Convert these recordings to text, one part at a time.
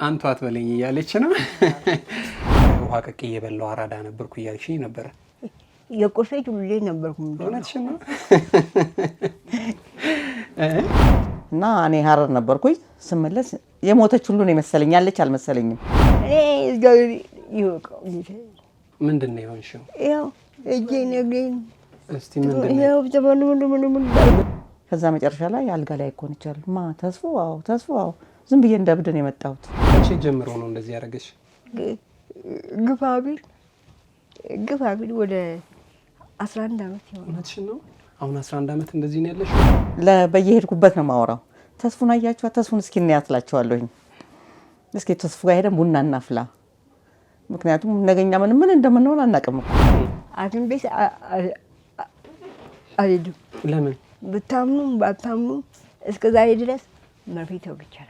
አንቷት በለኝ እያለች ነው። ውሃ ቀቅ እየበላው አራዳ ነበርኩ እያልሽኝ ነበረ። የቆሸች ጊዜ ነበርኩ ነው እና እኔ ሀረር ነበርኩኝ ስመለስ የሞተች ሁሉ ነው የመሰለኝ። ያለች አልመሰለኝም። ምንድን ነው የሆንሽው? ከዛ መጨረሻ ላይ አልጋ ላይ እኮ ነች አሉ። ማ ተስፎ አዎ፣ ተስፎ አዎ ዝም ብዬ እንደ የመጣሁት። መቼ ጀምሮ ነው እንደዚህ ያደረገሽ? ግፋቢል ግፋቢል ግፋ ቢል ወደ 11 ዓመት ይሆናል ነው አሁን 11 ዓመት እንደዚህ ነው ያለሽ። በየሄድኩበት ነው ማውራው። ተስፉን አያችኋት? ተስፉን እስኪ እናያት እስኪ ተስፉ ጋር ሄደን ቡና እናፍላ። ምክንያቱም ነገኛ ምን ምን እንደምንሆን አናውቅም። አትን ቤት አልሄድም። ለምን? ብታምኑም ባታምኑም እስከ ዛሬ ድረስ መርፌ ተወግቻለሁ።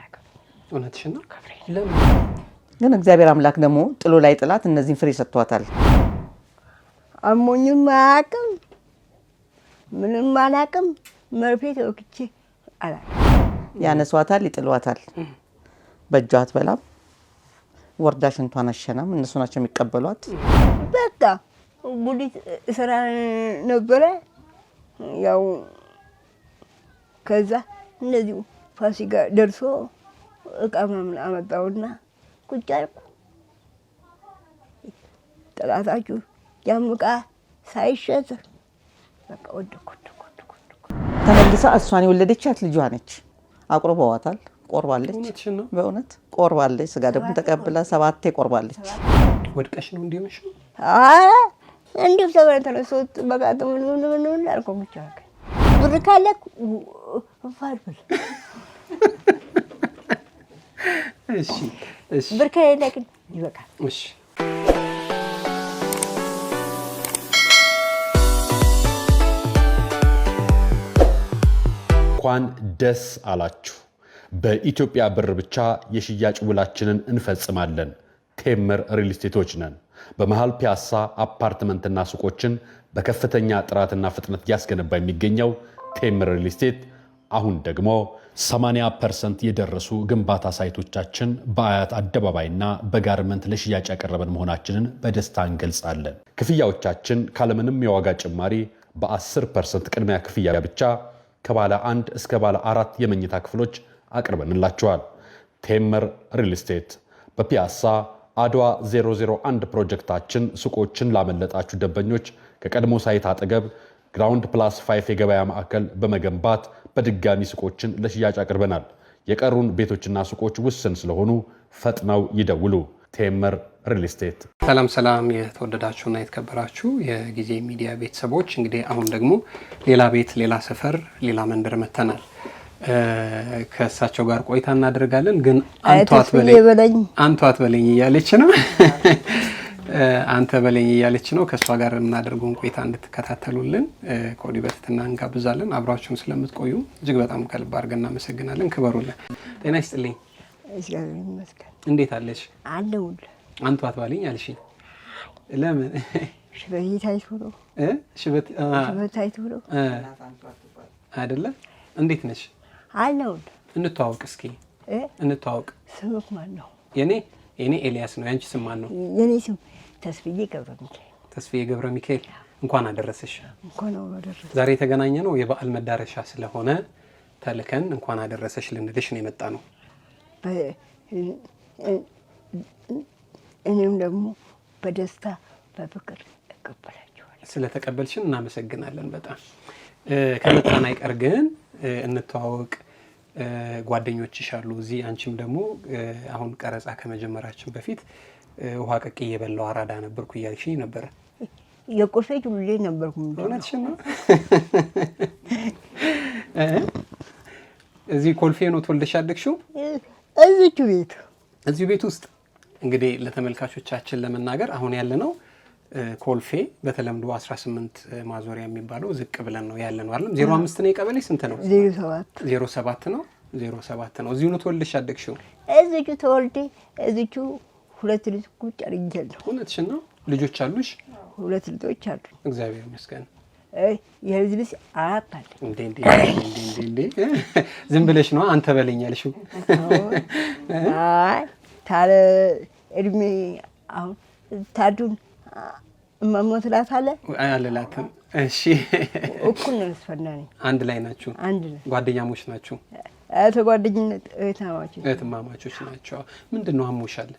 እውነትሽን ነው። ግን እግዚአብሔር አምላክ ደግሞ ጥሎ ላይ ጥላት እነዚህን ፍሬ ሰጥቷታል። አሞኝም አያውቅም፣ ምንም አላውቅም። መርፌ ያነሷታል፣ ይጥሏታል። በእጇ አትበላም፣ ወርዳ ሽንቷን አሸናም። እነሱ ናቸው የሚቀበሏት። በቃ ስራ ነበረ ያው ከዛ እነዚሁ ፋሲካ ደርሶ እቃ ምናምን አመጣውና ቁጭ አልኩ። ጠላታችሁ ያም እቃ ሳይሸጥ በቃ ወደኩ። ተመልሳ እሷን የወለደቻት ልጇ ነች። አቁርበዋታል። ቆርባለች፣ በእውነት ቆርባለች። ስጋ ደግሞ ተቀብላ ሰባቴ ቆርባለች። ወድቀሽ ነው እንዲሁ ሰበረ ተነሶት በቃ ብቻ ብር እሺ፣ እሺ። ብር ከሌለ ግን ይበቃል። እሺ። እንኳን ደስ አላችሁ። በኢትዮጵያ ብር ብቻ የሽያጭ ውላችንን እንፈጽማለን። ቴምር ሪል ስቴቶች ነን። በመሃል ፒያሳ አፓርትመንትና ሱቆችን በከፍተኛ ጥራትና ፍጥነት እያስገነባ የሚገኘው ቴምር ሪል ስቴት አሁን ደግሞ 80 ፐርሰንት የደረሱ ግንባታ ሳይቶቻችን በአያት አደባባይና በጋርመንት ለሽያጭ ያቀረበን መሆናችንን በደስታ እንገልጻለን። ክፍያዎቻችን ካለምንም የዋጋ ጭማሪ በ10 ፐርሰንት ቅድሚያ ክፍያ ብቻ ከባለ አንድ እስከ ባለ አራት የመኝታ ክፍሎች አቅርበንላቸዋል። ቴምር ሪል ስቴት በፒያሳ አድዋ 001 ፕሮጀክታችን ሱቆችን ላመለጣችሁ ደንበኞች ከቀድሞ ሳይት አጠገብ ግራውንድ ፕላስ 5 የገበያ ማዕከል በመገንባት በድጋሚ ሱቆችን ለሽያጭ አቅርበናል። የቀሩን ቤቶችና ሱቆች ውስን ስለሆኑ ፈጥነው ይደውሉ። ቴምር ሪል ስቴት። ሰላም ሰላም! የተወደዳችሁና የተከበራችሁ የጊዜ ሚዲያ ቤተሰቦች እንግዲህ አሁን ደግሞ ሌላ ቤት፣ ሌላ ሰፈር፣ ሌላ መንደር መተናል። ከእሳቸው ጋር ቆይታ እናደርጋለን። ግን አንቷት በለኝ እያለች ነው አንተ በለኝ እያለች ነው። ከእሷ ጋር የምናደርገውን ቆይታ እንድትከታተሉልን ከወዲሁ በትህትና እንጋብዛለን። አብራችሁን ስለምትቆዩ እጅግ በጣም ከልብ አድርገን እናመሰግናለን። ክበሩልን። ጤና ይስጥልኝ። እንዴት አለሽ? አለሁል። አንቱ አትባልኝ አልሽኝ። ለምን ሽበት ታይቶ ነው አይደለ? እንዴት ነሽ? አለሁል። እንተዋወቅ እስኪ እንተዋወቅ። ስምህ ማን ነው? የኔ የኔ ኤልያስ ነው። ያንቺ ስም ማን ነው? የኔ ስም ተስፍዬ ገብረ ሚካኤል። ተስፍዬ ገብረ ሚካኤል እንኳን አደረሰሽ። ዛሬ የተገናኘ ነው የበዓል መዳረሻ ስለሆነ ተልከን እንኳን አደረሰሽ ልንልሽ ነው የመጣ ነው። እኔም ደግሞ በደስታ በፍቅር እቀበላችኋል። ስለተቀበልሽን እናመሰግናለን በጣም ከመጣን አይቀር ግን እንተዋወቅ። ጓደኞችሽ አሉ እዚህ። አንቺም ደግሞ አሁን ቀረጻ ከመጀመራችን በፊት ውሃ ቀቅ እየበላው አራዳ ነበርኩ እያልሽኝ ነበረ። የቆሰጅ ሁሌ ነበርኩ። እውነትሽን ነው። እዚህ ኮልፌ ነው ተወልደሽ ያደግሽው? እዚች ቤት እዚሁ ቤት ውስጥ እንግዲህ ለተመልካቾቻችን ለመናገር አሁን ያለ ነው ኮልፌ በተለምዶ 18 ማዞሪያ የሚባለው ዝቅ ብለን ነው ያለ ነው አለም አይደለም? አምስት ነው። የቀበሌ ስንት ነው? 07 ሰባት ነው። ሰባት ነው። እዚሁ ነው ተወልደሽ ያደግሽው? እዚሁ ተወልዴ እዚሁ ሁለት ልጅ ቁጭ አድርጌያለሁ። እውነትሽን ነው። ልጆች አሉሽ? ሁለት ልጆች አሉ። እግዚአብሔር ይመስገን። የልጅ ልጅ አራት አለ። ዝም ብለሽ ነው አንተ አይ ታለ እድሜ አሁን ታዱን መሞትላት አለ አልላትም። እሺ እኩል ነው ስፈናኒ አንድ ላይ ናችሁ? አንድ ላይ ጓደኛሞች ናችሁ? ተጓደኝነት እህትማማቾች እህትማማቾች ናቸው። ምንድን ነው አሞሻል?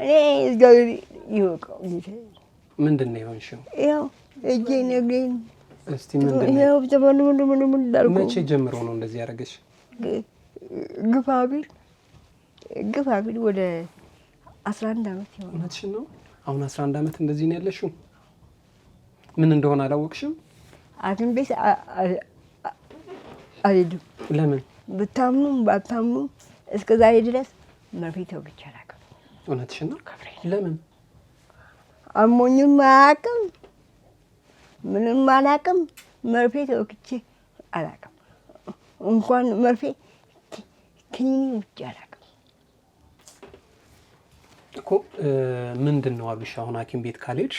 እኔ እግዚአብሔር ይወቀው። ምንድን ነው የሆንሽው? ያው እጄ እስቲ ምንድን ነው መቼ ጀምሮ ነው እንደዚህ ያደረገሽ? ግፋቢል ግፋቢል ወደ አስራ አንድ አመት ይሆናል። እውነትሽን ነው። አሁን አስራ አንድ አመት እንደዚህ ነው ያለሽው። ምን እንደሆነ አላወቅሽም? አትን ቤት አልሄድም። ለምን? ብታምኑም ባታምኑም እስከ ዛሬ ድረስ መርፌ ተወግቻለሁ። እውነትሽን ነው? ለምን አሞኝም አያውቅም፣ ምንም አላውቅም። መርፌ ተወግቼ አላውቅም። እንኳን መርፌ ክኒኒ ውጭ አላውቅም እኮ። ምንድን ነው አብሽ፣ አሁን ሐኪም ቤት ካልሄድሽ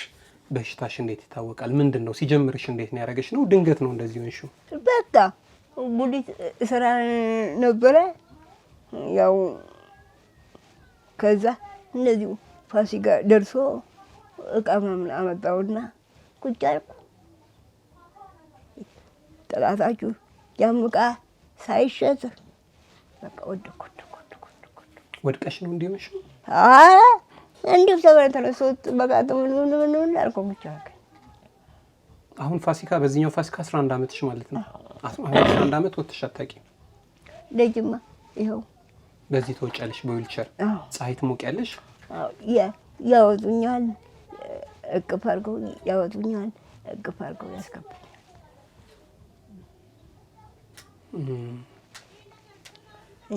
በሽታሽ እንዴት ይታወቃል? ምንድን ነው ሲጀምርሽ? እንዴት ነው ያደረገሽ? ነው ድንገት ነው እንደዚህ ሆንሽው? በቃ ጉዲት ስራ ነበረ ያው ከዛ እንደዚሁ ፋሲካ ደርሶ እቃ ምናምን አመጣውና ቁጭ አልኩ። ጠላታችሁ ያም እቃ ሳይሸጥ በቃ ወደኩ። ወድቀሽ ነው እንዲመሽ እንዲሁ ሰበረ ተነሶት በቃ አልኮ ብቻ አሁን ፋሲካ በዚህኛው ፋሲካ 11 አመትሽ ማለት ነው። አሁን 11 አመት ወጥተሽ አታውቂም። ደጅማ ይኸው በዚህ ተወጫለሽ። በዊልቸር ፀሐይ ትሞቂያለሽ። ያወጡኛል፣ እቅፍ አድርገው ያወጡኛል፣ እቅፍ አድርገው ያስገቡኛል።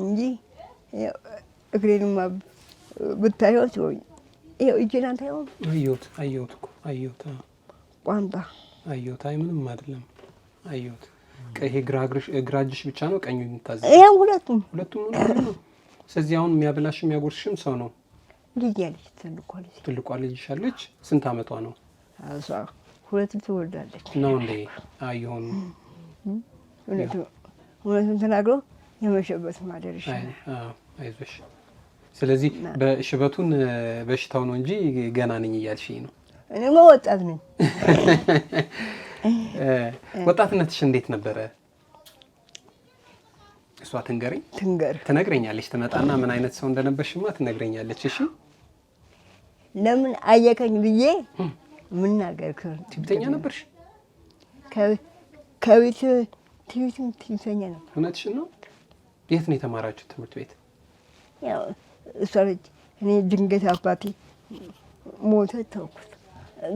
እንጂ እግሬንማ ብታዩት እጄን አታዩም። አየሁት አየሁት አየሁት። ቋንጣ አየሁት። አይ ምንም አይደለም። አየሁት። ይሄ ግራ እግርሽ ብቻ ነው ቀኙ የምታዘ ይሄም ሁለቱም ሁለቱም ነው ስለዚህ አሁን የሚያበላሽ የሚያጎርስሽም ሰው ነው። ልጅ ትልቋ ልጅ ትልቋ ልጅሽ አለች። ስንት አመቷ ነው? ሁለትም ትወልዳለች ነው እንዴ? አይሆኑ እውነቱን ተናግሮ የመሸበት ማደር አይዞሽ። ስለዚህ በሽበቱን በሽታው ነው እንጂ ገና ነኝ እያልሽኝ ነው። እኔ ወጣት ነኝ። ወጣትነትሽ እንዴት ነበረ? እሷ ትንገረኝ ትንገር ትነግረኛለች። ትመጣና ምን አይነት ሰው እንደነበርሽማ ትነግረኛለች። እሺ ለምን አየከኝ ብዬ ምናገር ትዕቢተኛ ነበርሽ? ከቤት ትዕቢትም ትዕቢተኛ ነበር። እውነትሽን ነው። የት ነው የተማራችሁት ትምህርት ቤት? እሷ ልጅ እኔ ድንገት አባቴ ሞተ ተውኩት።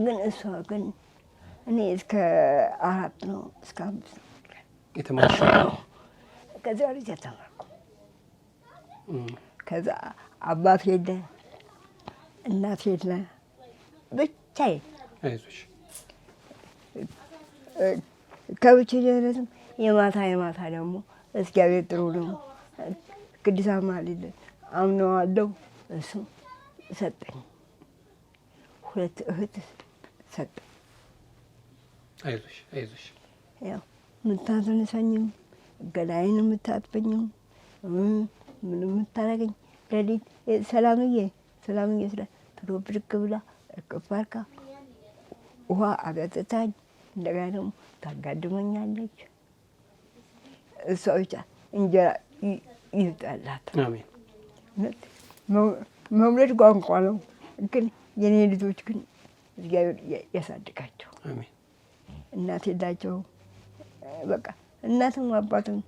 ግን እሷ ግን እኔ እስከ አራት ነው እስከ አምስት ነው የተማርሽ ከዚያ ልጅ ተተረኩ። ከዛ አባት የለ እናት የለ ብቻዬን። ከብቻዬነትም የማታ የማታ ደግሞ እግዚአብሔር ጥሩ ደግሞ ቅድሳት ማልልን አምነዋለሁ። እሱ ሰጠኝ፣ ሁለት እህት ሰጠኝ። አይዞሽ አይዞሽ ያው ምታዝንሰኝም ገላይን የምታጥበኝ ምን የምታረገኝ ሌሊት ሰላምዬ ሰላምዬ ስለ ቶሎ ብድግ ብላ እቅፍ ውሃ አጠጥታኝ እንደገና ደግሞ ታጋድመኛለች። እሷ ብቻ እንጀራ ይውጣላት። መውለድ ቋንቋ ነው፣ ግን የኔ ልጆች ግን እግዚአብሔር ያሳድጋቸው። እናት የላቸው በቃ እናትም አባትም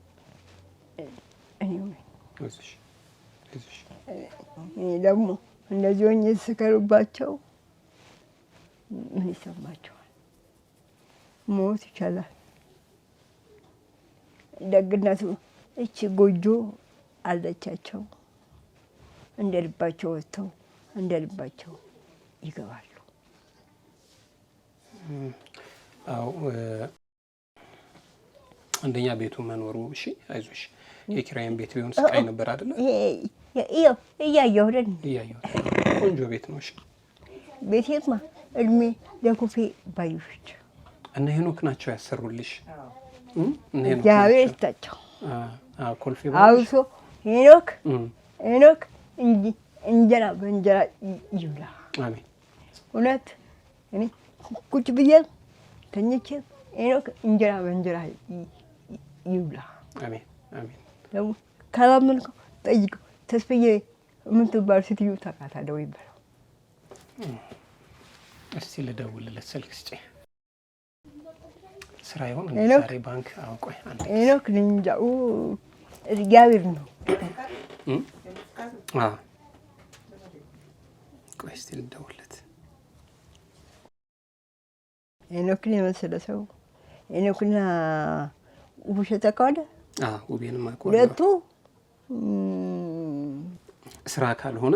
ደግሞ እንደዚህ ሆኜ የተሰከሩባቸው ምን ይሰማቸዋል? ሞት ይቻላል። ደግነቱ እቺ ጎጆ አለቻቸው። እንደ ልባቸው ወጥተው እንደ ልባቸው ይገባሉ። አዎ አንደኛ ቤቱ መኖሩ እሺ፣ አይዞሽ። የኪራይን ቤት ቢሆን ስቃይ ነበር አይደለ? እያየሁ እያየሁ ቆንጆ ቤት ነው። እሺ፣ ቤቴማ እድሜ ለኩፌ ባዩች እነ ሄኖክ ናቸው ያሰሩልሽ። እግዚአብሔር ይስጣቸው። ኮልፌ አውሶ ሄኖክ ሄኖክ እንጂ እንጀራ በእንጀራ ይብላ። አሜን። እውነት እኔ ቁጭ ብዬ ተኝቼ ሄኖክ እንጀራ በእንጀራ ይብላ። አሜን አሜን። ደግሞ ካላመንከው ጠይቀው። ተስፈዬ የምትባል ሴትዮ ታውቃታ፣ ደውይ በለው። እስቲ ልደውልለት፣ ስልክ ስጪኝ። ስራ ይሆን ዛሬ ባንክ አውቆይ ሄኖክ እግዚአብሔር ነው። ቆይ እስቲ ልደውልለት። ሄኖክን የመሰለ ሰው ሄኖክና ውብሸተ ከሆነ ውቤንም ሁለቱ ስራ ካልሆነ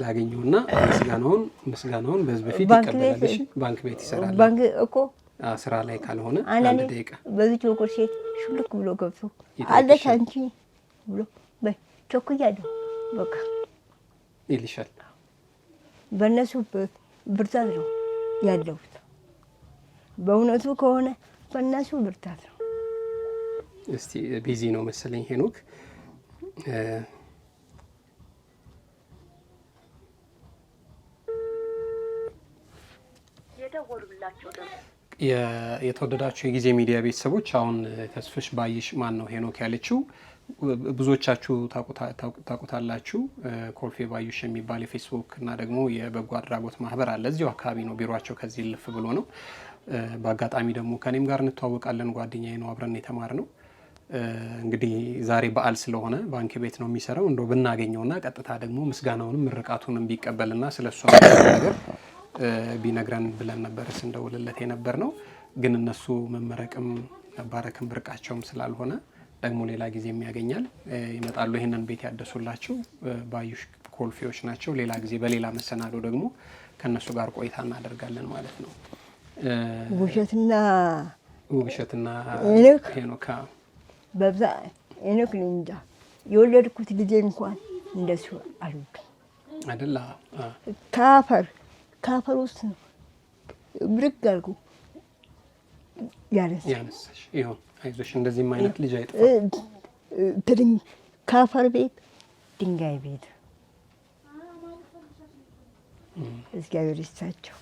ላገኘውና ምስጋናውን ምስጋናውን በዚህ በፊት ይቀበላል። ባንክ ቤት ይሰራል። ባንክ እኮ ስራ ላይ ካልሆነ አንድ ደቂቃ በዚህ ጆጎር ሴት ሹልክ ብሎ ገብቶ አለሽ አንቺ ብሎ ቸኩያለሁ በቃ ይልሻል። በእነሱ ብርታት ነው ያለሁት። በእውነቱ ከሆነ በእነሱ ብርታት ነው እስቲ ቢዚ ነው መሰለኝ ሄኖክ። የተወደዳችሁ የጊዜ ሚዲያ ቤተሰቦች አሁን ተስፍሽ ባይሽ ማን ነው ሄኖክ ያለችው ብዙዎቻችሁ ታውቁታላችሁ። ኮልፌ ባዩሽ የሚባል የፌስቡክ እና ደግሞ የበጎ አድራጎት ማህበር አለ እዚሁ አካባቢ ነው ቢሮቸው፣ ከዚህ ልፍ ብሎ ነው። በአጋጣሚ ደግሞ ከኔም ጋር እንተዋወቃለን። ጓደኛዬ ነው፣ አብረን የተማር ነው። እንግዲህ ዛሬ በዓል ስለሆነ ባንክ ቤት ነው የሚሰራው። እንደው ብናገኘውና ቀጥታ ደግሞ ምስጋናውንም ምርቃቱንም ቢቀበልና እሷ ነገር ቢነግረን ብለን ነበር ስንደውልለት የነበር ነው። ግን እነሱ መመረቅም መባረክም ብርቃቸውም ስላልሆነ ደግሞ ሌላ ጊዜም ያገኛል ይመጣሉ። ይህንን ቤት ያደሱላቸው ባዩሽ ኮልፌዎች ናቸው። ሌላ ጊዜ በሌላ መሰናዶ ደግሞ ከእነሱ ጋር ቆይታ እናደርጋለን ማለት ነው። ውብሸትና ውብሸትና ሄኖካ በብዛ እኔ እንጃ የወለድኩት ልጄ እንኳን እንደሱ አልወድም አይደል? ካፈር ካፈር ውስጥ ነው ብድግ አድርጎ ያነሳሽ። ይኸው አይነት ልጅ አይጥፋ። ካፈር ቤት ድንጋይ ቤት እግዚአብሔር ይስጣቸው።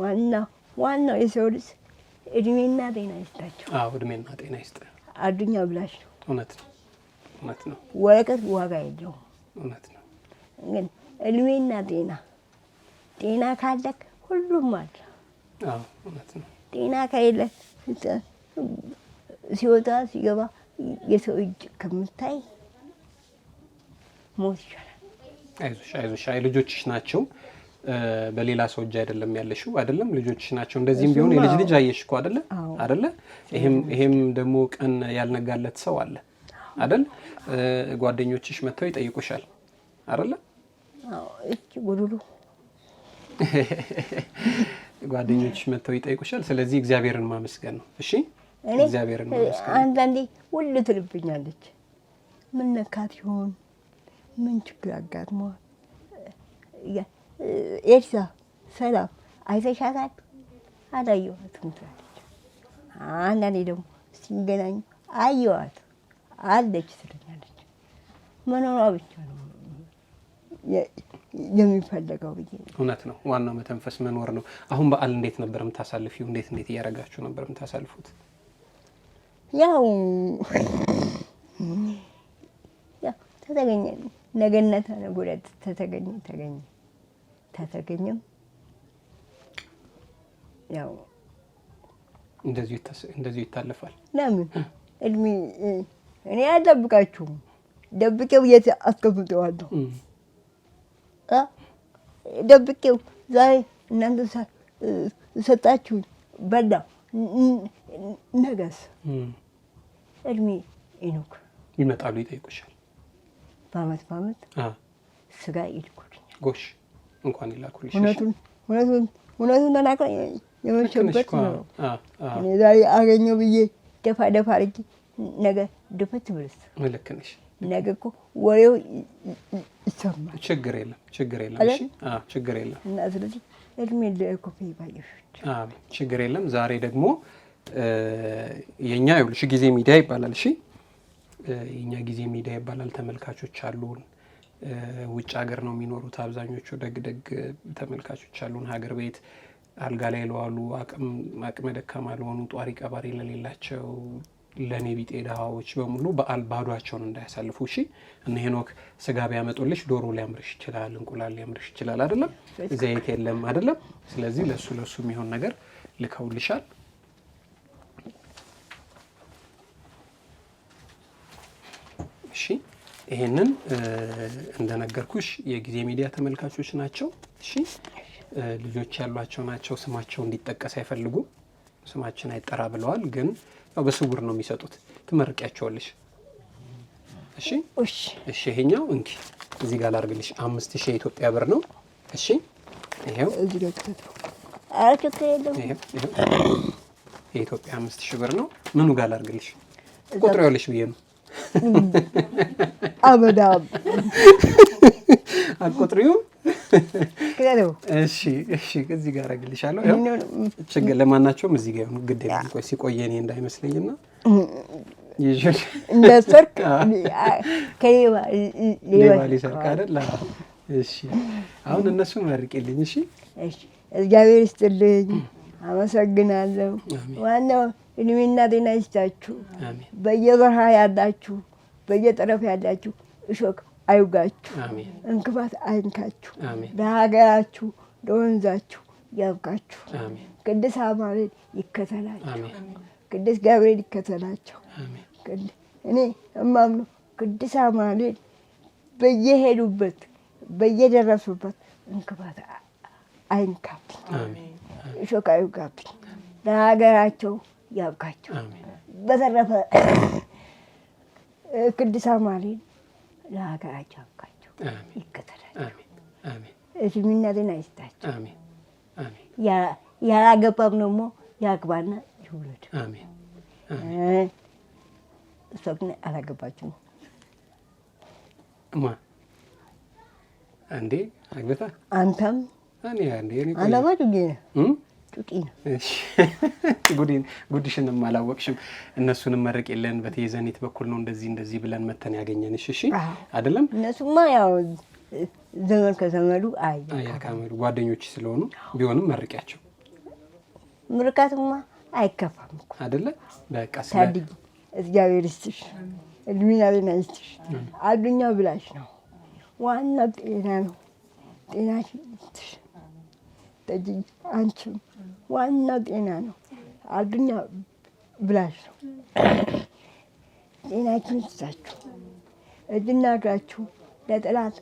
ዋና ዋናው የሰው ልጅ እድሜና ጤና ይስጣቸው። እድሜና ጤና ይስጥ። አዱኛ ብላሽ ነው። እውነት ነው፣ እውነት ነው። ወረቀት ዋጋ የለውም። እውነት ነው። ግን እድሜና ጤና ጤና ካለክ ሁሉም አለ። እውነት ነው። ጤና ከሌለ ሲወጣ ሲገባ የሰው እጅ ከምታይ ሞት ይሻላል። አይዞሽ አይዞሽ። አይ ልጆችሽ ናቸው በሌላ ሰው እጅ አይደለም ያለሽው አይደለም ልጆች ናቸው። እንደዚህም ቢሆን የልጅ ልጅ አየሽ እኮ አይደለ አይደለ? ይሄም ደግሞ ቀን ያልነጋለት ሰው አለ አይደል? ጓደኞችሽ መጥተው ይጠይቁሻል አይደለ? ጉዱሉ ጓደኞችሽ መጥተው ይጠይቁሻል። ስለዚህ እግዚአብሔርን ማመስገን ነው። እሺ እግዚአብሔርን ማመስገን። አንዳንዴ ሁሉ ትልብኛለች። ምን ነካት ይሆን? ምን ችግር አጋጥሟል? ኤልሳ ሰላም አይተሻታል? አላየኋትም ትላለች። አንዳንዴ ደግሞ ሲገናኙ አየኋት አለች ትለኛለች። መኖሯ ብቻ ነው የሚፈለገው ብዬ እውነት ነው። ዋናው መተንፈስ መኖር ነው። አሁን በዓል እንዴት ነበር የምታሳልፊው? እንዴት እንዴት እያደረጋችሁ ነበር የምታሳልፉት? ያው ተተገኘ ነገነት ተነጎዳ ተተገኘ ተገኘ ተተገኘም ያው እንደዚሁ ይታለፋል። ለምን እድሜ እኔ አልጠብቃችሁም፣ ደብቄው የት አስቀምጠዋለሁ? ደብቄው ዛሬ እናንተ ሰጣችሁኝ በላ ነገስ እድሜ ይኑክ ይመጣሉ፣ ይጠይቁሻል። በአመት በአመት ስጋ ይልኩልኛል። ጎሽ እንኳን ይላኩልሽ። እውነቱን እውነቱን እውነቱን ተናግራ የመሸበት ነው። ዛሬ አገኘው ብዬ ደፋ ደፋ አድርጌ ነገ ድፈት ብልስ ልክ ነሽ። ነገ እኮ ወሬው ይሰማል። ችግር የለም ችግር የለም ችግር የለም እና ስለዚህ እድሜ ለኮፌ ባየሾች ችግር የለም። ዛሬ ደግሞ የእኛ ይኸውልሽ ጊዜ ሚዲያ ይባላል። እሺ የእኛ ጊዜ ሚዲያ ይባላል። ተመልካቾች አሉን ውጭ ሀገር ነው የሚኖሩት አብዛኞቹ ደግ ደግ ተመልካቾች አሉን። ሀገር ቤት አልጋ ላይ ለዋሉ አቅመ ደካማ ለሆኑ ጧሪ ቀባሪ ለሌላቸው ለእኔ ቢጤ ድሃዎች በሙሉ በዓል ባዷቸውን እንዳያሳልፉ። እሺ እነ ሄኖክ ስጋ ቢያመጡልሽ ዶሮ ሊያምርሽ ይችላል፣ እንቁላል ሊያምርሽ ይችላል አይደለም፣ ዘይት የለም አይደለም። ስለዚህ ለሱ ለሱ የሚሆን ነገር ልከውልሻል። እሺ ይሄንን እንደነገርኩሽ የጊዜ ሚዲያ ተመልካቾች ናቸው። እሺ ልጆች ያሏቸው ናቸው። ስማቸው እንዲጠቀስ አይፈልጉም። ስማችን አይጠራ ብለዋል። ግን ያው በስውር ነው የሚሰጡት። ትመርቂያቸዋለሽ። እሺ እሺ። ይሄኛው እንኪ እዚህ ጋር ላርግልሽ። አምስት ሺህ የኢትዮጵያ ብር ነው። እሺ ይሄው የኢትዮጵያ አምስት ሺህ ብር ነው። ምኑ ጋር ላርግልሽ? ቁጥሩ ያለሽ ብዬ ነው አበዳም አቆጥሪው እሺ፣ እሺ። እዚህ ጋር አግልሻለሁ። ችግር ለማናቸውም እዚህ ጋር ግድ ሲቆየ እኔ እንዳይመስለኝና ሰርቅ ሌባ ሊሰርቅ አይደል? እሺ፣ አሁን እነሱ መርቂልኝ። እሺ፣ እግዚአብሔር ይስጥልኝ። አመሰግናለሁ። ዋናው እድሜና ጤና ይስጣችሁ። በየበረሃ ያላችሁ፣ በየጠረፍ ያላችሁ እሾክ አይውጋችሁ፣ እንክባት አይንካችሁ። ለሀገራችሁ ለወንዛችሁ ያብቃችሁ። ቅድስት አማኑኤል ይከተላችሁ፣ ቅዱስ ገብርኤል ይከተላቸው። እኔ እማምኑ ቅድስት አማኑኤል በየሄዱበት በየደረሱበት እንክባት አይንካብኝ፣ እሾክ አይውጋብኝ ለሀገራቸው ያብቃቸው። በተረፈ ቅድስት አማሪን ለሀገራቸው ያብቃቸው፣ ይከተላቸው፣ እድሜና ጤና ይስጣቸው። ያላገባም ደግሞ ያግባና ይውለድ። እሷ ግን አላገባችም። አንዴ አግብታ አንተም አለባችሁ ጌ ጩቂ ነው። ጉድሽንም አላወቅሽም። እነሱንም መረቅ የለን በተየዘኔት በኩል ነው እንደዚህ እንደዚህ ብለን መተን ያገኘንሽ። እሺ አይደለም እነሱማ ያው ዘመድ ከዘመዱ አያካመዱ ጓደኞች ስለሆኑ ቢሆንም መርቂያቸው ምርቃትማ አይከፋም እኮ አይደለ። በቃ ታድጊ፣ እግዚአብሔር ይስጥሽ፣ እድሜና ጤና ይስጥሽ። አዱኛ ብላሽ ነው ዋና ጤና ነው። ጤናሽ ይስጥሽ ውሰጂ አንቺም ዋና ጤና ነው አዱኛ ብላሽ ነው ጤናችን ይዛችሁ እጅና እግራችሁ ለጠላት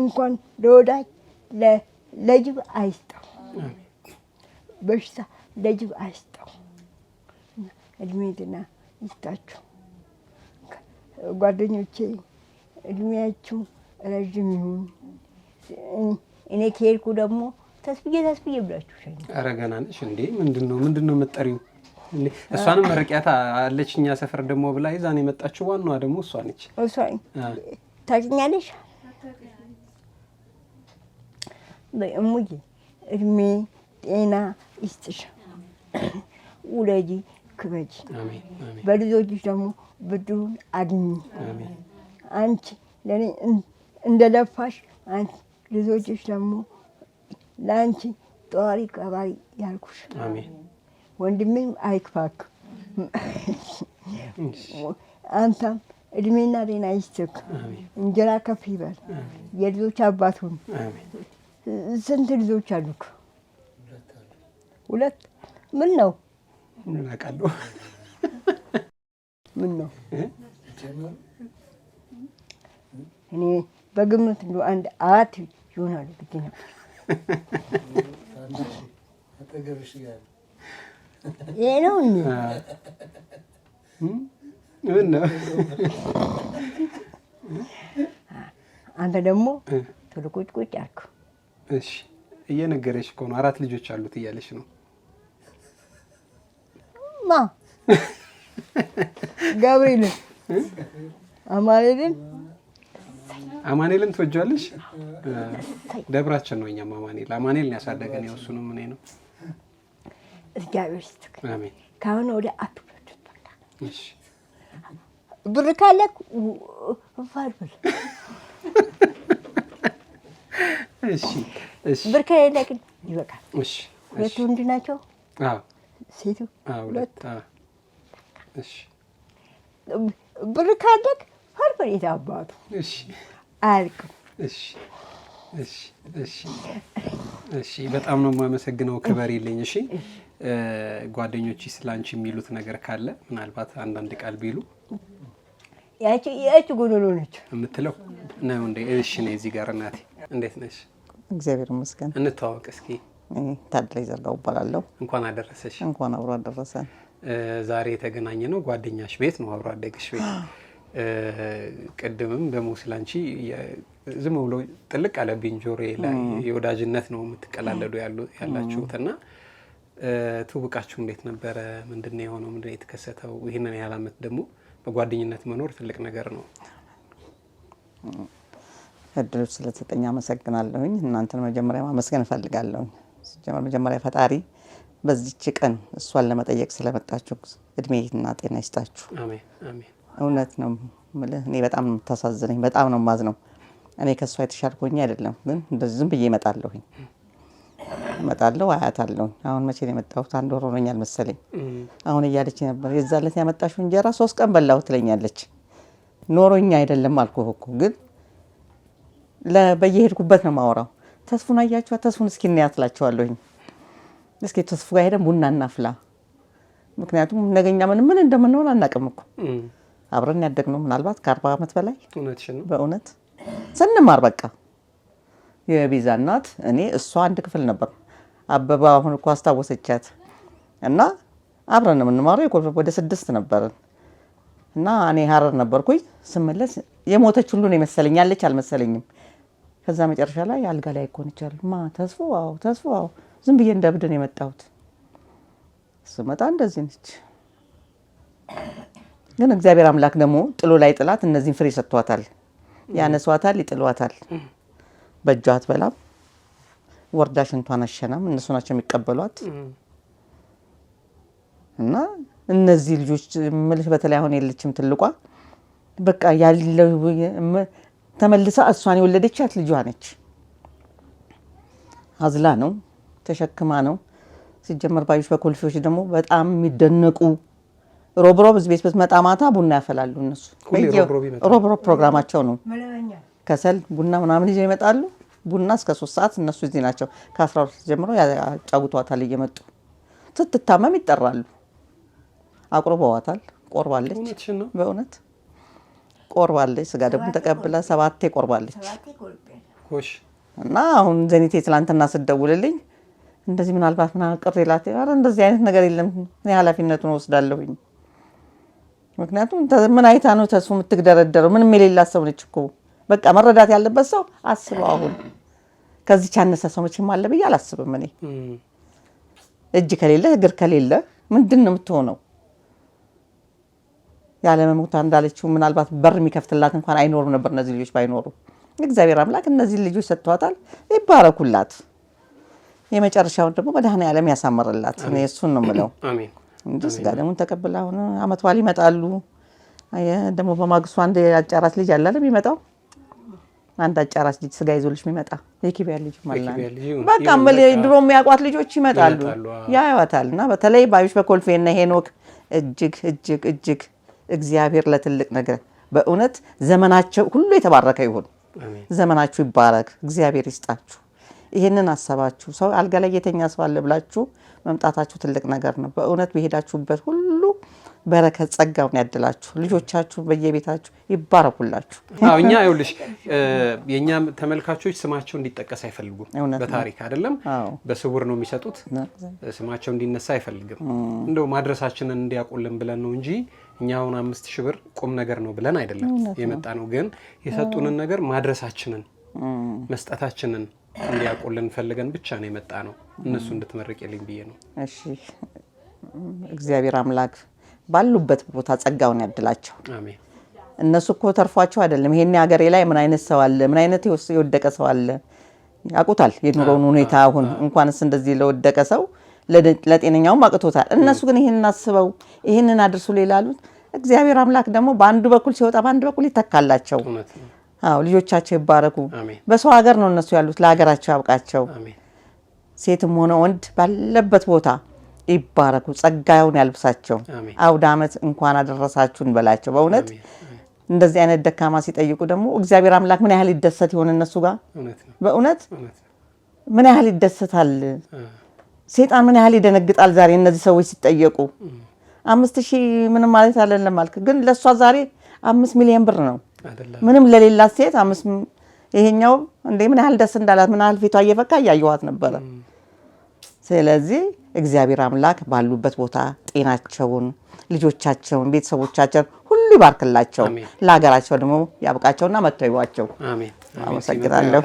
እንኳን ለወዳጅ ለጅብ አይስጠው፣ በሽታ ለጅብ አይስጠው። እድሜ ጤና ይስጣችሁ። ጓደኞቼ እድሜያችሁ ረዥም ይሁን። እኔ ከሄድኩ ደግሞ ተስፍዬ ተስፍዬ ብላችሁ ሸኝ። ኧረ ገና ነሽ እንዴ? ምንድን ነው ምንድን ነው የምትጠሪው? እሷንም መረቂያት አለች እኛ ሰፈር ደግሞ ብላ ይዛን የመጣችው ዋናዋ ደግሞ እሷ ነች። እሷ ታውቂኛለሽ። እሙዬ እድሜ ጤና ይስጥሽ፣ ውለጂ ክበጂ፣ በልጆችሽ ደግሞ ብድሩን አግኝ። አንቺ ለእኔ እንደለፋሽ አንቺ ልጆችሽ ደግሞ ለአንቺ ጧሪ ቀባሪ ያልኩሽ ወንድሜም አይክፋክ፣ አንተም እድሜና ጤና ይስጥክ፣ እንጀራ ከፍ ይበል፣ የልጆች አባት ሁን። ስንት ልጆች አሉክ? ሁለት። ምን ነው ምን ነው እኔ በግምት አንድ አራት ይሆናሉ ብዬ ነበር። ይሄ ነው ምን ነው? አንተ ደግሞ ቶሎ ቁጭ ቁጭ አልኩ። እሺ እየነገረሽ እኮ ነው አራት ልጆች አሉት እያለሽ ነው። ማ ገብርኤልን አማሬልን አማኔልን ትወጃለሽ? ደብራችን ነው። እኛም አማኔል አማኔልን ያሳደገን ያው እሱንም እኔ ነው። እግዚአብሔር ይስጥህ። አሜን። ከአሁን ወዲያ በቃ እሺ። ብር ካለ እሺ፣ እሺ። ብር ከሌለ ግን ይበቃል። እሺ። ሁለቱ ወንድ ናቸው። አዎ፣ ሴቱ ሁለት። እሺ። ብር ካለ ፋርብል የታባቱ እሺ አያልቅም። እሺ እሺ እሺ እሺ። በጣም ነው የማመሰግነው። ክበር ይለኝ። እሺ ጓደኞች ስላንቺ የሚሉት ነገር ካለ ምናልባት አንዳንድ ቃል ቢሉ ያቺ ያቺ ጎዶሎ ነች የምትለው ነው እንደ እሺ ነው እዚህ ጋር እናቴ፣ እንዴት ነሽ? እግዚአብሔር ይመስገን። እንተዋወቅ እስኪ። ታድላይ ዘርጋው እባላለሁ። እንኳን አደረሰሽ። እንኳን አብሮ አደረሰ። ዛሬ የተገናኘ ነው ጓደኛሽ ቤት ነው አብሮ አደግሽ ቤት ቅድምም ደግሞ ስላንቺ ዝም ብሎ ጥልቅ አለ ጆሮዬ ላይ የወዳጅነት ነው የምትቀላለዱ ያላችሁት እና ትውውቃችሁ እንዴት ነበረ? ምንድን የሆነው? ምንድን የተከሰተው? ይህንን ያህል አመት ደግሞ በጓደኝነት መኖር ትልቅ ነገር ነው። እድሉ ስለተሰጠኝ አመሰግናለሁኝ። እናንተን መጀመሪያ ማመስገን እፈልጋለሁኝ። መጀመሪያ ፈጣሪ በዚች ቀን እሷን ለመጠየቅ ስለመጣችሁ እድሜና ጤና ይስጣችሁ። አሜን አሜን። እውነት ነው የምልህ። እኔ በጣም ነው የምታሳዝነኝ፣ በጣም ነው የማዝነው። እኔ ከእሷ የተሻልኩኝ አይደለም፣ ግን እንደዚህ ዝም ብዬ እመጣለሁኝ እመጣለሁ አያታለሁ። አሁን መቼ ነው የመጣሁት? አንድ ወር ሆኖኛል መሰለኝ። አሁን እያለች ነበር የዛን ዕለት ያመጣሽው እንጀራ ሶስት ቀን በላሁ ትለኛለች። ኖሮኛ አይደለም አልኩህ እኮ ግን በየሄድኩበት ነው የማወራው። ተስፉን አያችኋት? ተስፉን እስኪ እናያት እላቸዋለሁኝ። እስኪ ተስፉ ጋር ሄደን ቡና እናፍላ፣ ምክንያቱም ነገኛ ምን ምን እንደምንሆን አናውቅም እኮ አብረን ያደግነው ምናልባት ከአርባ ዓመት በላይ በእውነት ስንማር በቃ የቤዛ እናት እኔ እሷ አንድ ክፍል ነበር። አበባ አሁን እኮ አስታወሰቻት እና አብረን የምንማረው የኮልፌ ወደ ስድስት ነበርን እና እኔ ሀረር ነበርኩኝ። ስመለስ የሞተች ሁሉን የመሰለኝ ያለች አልመሰለኝም። ከዛ መጨረሻ ላይ አልጋ ላይ እኮ ማ ተስፎ አዎ ተስፎ አዎ ዝም ብዬ እንደ ብድን የመጣሁት። ስመጣ እንደዚህ ነች። ግን እግዚአብሔር አምላክ ደግሞ ጥሎ ላይ ጥላት እነዚህን ፍሬ ሰጥቷታል። ያነሷታል፣ ይጥሏታል። በእጇ አትበላም፣ ወርዳ ሽንቷን አሸናም። እነሱ ናቸው የሚቀበሏት እና እነዚህ ልጆች ምልሽ በተለይ አሁን የለችም ትልቋ በቃ ያለው ተመልሳ እሷን የወለደቻት ልጇ ነች። አዝላ ነው ተሸክማ ነው ሲጀመር ባዮች በኮልፌዎች ደግሞ በጣም የሚደነቁ ሮብ ሮብ እዚህ ቤት ብትመጣ ማታ ቡና ያፈላሉ እነሱ። ሮብ ሮብ ፕሮግራማቸው ነው። ከሰል ቡና ምናምን ይዘው ይመጣሉ። ቡና እስከ ሶስት ሰዓት እነሱ እዚህ ናቸው። ከአስራ ሁለት ጀምሮ ያጫውቷታል እየመጡ ስትታመም ይጠራሉ። አቁርበዋታል። ቆርባለች፣ በእውነት ቆርባለች። ስጋ ደግሞ ተቀብላ ሰባቴ ቆርባለች። እና አሁን ዘኒቴ ትላንትና ስደውልልኝ እንደዚህ ምናልባት ምናምን ቅር ይላት፣ እንደዚህ አይነት ነገር የለም እኔ ኃላፊነቱን ወስዳለሁኝ ምክንያቱም ምን አይታ ነው ተስፉ የምትግደረደረው? ምንም የሌላ ሰው ነች እኮ። በቃ መረዳት ያለበት ሰው አስበው። አሁን ከዚች ያነሰ ሰው መቼም አለ ብዬ አላስብም እኔ። እጅ ከሌለ እግር ከሌለ ምንድን ነው የምትሆነው? ያለመሞታ እንዳለችው ምናልባት በር የሚከፍትላት እንኳን አይኖርም ነበር እነዚህ ልጆች ባይኖሩ። እግዚአብሔር አምላክ እነዚህ ልጆች ሰጥተዋታል፣ ይባረኩላት። የመጨረሻውን ደግሞ መድኃኔ ዓለም ያሳምርላት። እሱን ነው የምለው። እንጂ ስጋ ደግሞ ተቀብላ አሁን አመት በዓል ይመጣሉ። ደግሞ በማግስቱ አንድ አጫራስ ልጅ አለ የሚመጣው አንድ አጫራስ ልጅ ስጋ ይዞልሽ የሚመጣ የኪቢያ ልጅ በቃ ድሮ የሚያውቋት ልጆች ይመጣሉ ያዩዋታል። እና በተለይ ባዩሽ በኮልፌ እና ሄኖክ እጅግ እጅግ እጅግ እግዚአብሔር ለትልቅ ነገር በእውነት ዘመናቸው ሁሉ የተባረከ ይሁን። ዘመናችሁ ይባረክ። እግዚአብሔር ይስጣችሁ። ይህንን አሰባችሁ ሰው አልጋ ላይ የተኛ ሰው አለ ብላችሁ መምጣታችሁ ትልቅ ነገር ነው። በእውነት በሄዳችሁበት ሁሉ በረከት ጸጋውን ያድላችሁ። ልጆቻችሁ በየቤታችሁ ይባረኩላችሁ። እኛ ይኸውልሽ የእኛ ተመልካቾች ስማቸው እንዲጠቀስ አይፈልጉም። በታሪክ አይደለም በስውር ነው የሚሰጡት። ስማቸው እንዲነሳ አይፈልግም። እንደው ማድረሳችንን እንዲያውቁልን ብለን ነው እንጂ እኛሁን አምስት ሺህ ብር ቁም ነገር ነው ብለን አይደለም የመጣ ነው። ግን የሰጡንን ነገር ማድረሳችንን መስጠታችንን እንዲያውቁልን ፈልገን ብቻ ነው የመጣ ነው። እነሱ እንድትመርቅልኝ ብዬ ነው። እሺ፣ እግዚአብሔር አምላክ ባሉበት ቦታ ጸጋውን ያድላቸው። እነሱ እኮ ተርፏቸው አይደለም። ይሄን ሀገሬ ላይ ምን አይነት ሰው አለ፣ ምን አይነት የወደቀ ሰው አለ ያውቁታል። የኑሮውን ሁኔታ አሁን እንኳንስ እንደዚህ ለወደቀ ሰው ለጤነኛውም አቅቶታል። እነሱ ግን ይህንን አስበው ይህንን አድርሱ ሌላሉት። እግዚአብሔር አምላክ ደግሞ በአንዱ በኩል ሲወጣ በአንድ በኩል ይተካላቸው። አዎ ልጆቻቸው ይባረኩ። በሰው ሀገር ነው እነሱ ያሉት፣ ለሀገራቸው ያብቃቸው። ሴትም ሆነ ወንድ ባለበት ቦታ ይባረኩ፣ ጸጋውን ያልብሳቸው። አውደ ዓመት እንኳን አደረሳችሁ እንበላቸው። በእውነት እንደዚህ አይነት ደካማ ሲጠይቁ ደግሞ እግዚአብሔር አምላክ ምን ያህል ይደሰት ይሆን እነሱ ጋር በእውነት ምን ያህል ይደሰታል። ሴጣን ምን ያህል ይደነግጣል። ዛሬ እነዚህ ሰዎች ሲጠየቁ አምስት ሺህ ምንም ማለት አይደለም አልክ፣ ግን ለእሷ ዛሬ አምስት ሚሊዮን ብር ነው። ምንም ለሌላት ሴት አምስት ይሄኛው እንዴ ምን ያህል ደስ እንዳላት ምን ያህል ፊቷ እየፈካ እያየዋት ነበረ። ስለዚህ እግዚአብሔር አምላክ ባሉበት ቦታ ጤናቸውን፣ ልጆቻቸውን፣ ቤተሰቦቻቸውን ሁሉ ይባርክላቸው፣ ለሀገራቸው ደግሞ ያብቃቸውና መጥተው አመሰግናለሁ።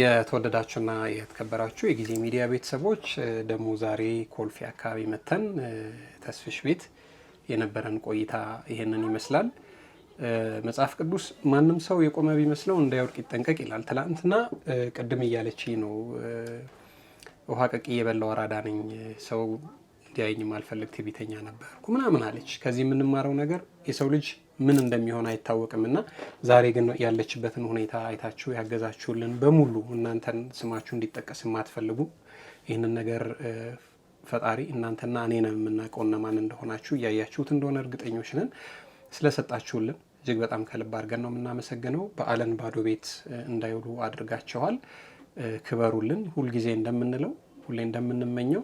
የተወደዳችሁና የተከበራችሁ የጊዜ ሚዲያ ቤተሰቦች ደግሞ ዛሬ ኮልፌ አካባቢ መተን ተስፍሽ ቤት የነበረን ቆይታ ይሄንን ይመስላል። መጽሐፍ ቅዱስ ማንም ሰው የቆመ ቢመስለው እንዳይወድቅ ይጠንቀቅ ይላል። ትላንትና ቅድም እያለች ነው ውሃ ቀቂ የበላው አራዳ ነኝ ሰው እንዲያይኝ ማልፈልግ ትዕቢተኛ ነበርኩ ምናምን አለች። ከዚህ የምንማረው ነገር የሰው ልጅ ምን እንደሚሆን አይታወቅም እና ዛሬ ግን ያለችበትን ሁኔታ አይታችሁ ያገዛችሁልን በሙሉ እናንተን ስማችሁ እንዲጠቀስ የማትፈልጉ ይህንን ነገር ፈጣሪ እናንተና እኔ ነው የምናውቀው እነማን እንደሆናችሁ እያያችሁት እንደሆነ እርግጠኞች ነን። ስለሰጣችሁልን እጅግ በጣም ከልብ አድርገን ነው የምናመሰግነው። በአለን ባዶ ቤት እንዳይውሉ አድርጋቸዋል። ክበሩልን። ሁልጊዜ እንደምንለው ሁሌ እንደምንመኘው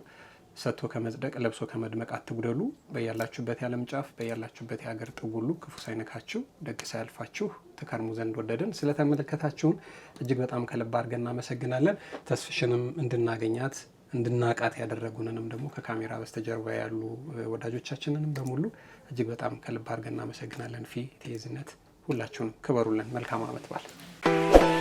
ሰጥቶ ከመጽደቅ ለብሶ ከመድመቅ አትጉደሉ። በያላችሁበት የዓለም ጫፍ በያላችሁበት የሀገር ጥጉሉ ክፉ ሳይነካችሁ ደግ ሳያልፋችሁ ትከርሙ ዘንድ ወደደን። ስለተመለከታችሁን እጅግ በጣም ከልብ አድርገን እናመሰግናለን። ተስፍሽንም እንድናገኛት እንድናቃት ያደረጉንንም ደግሞ ከካሜራ በስተጀርባ ያሉ ወዳጆቻችንንም በሙሉ እጅግ በጣም ከልብ አድርገን እናመሰግናለን። ፊ ትይዝነት ሁላችሁንም ክበሩልን። መልካም አመት በዓል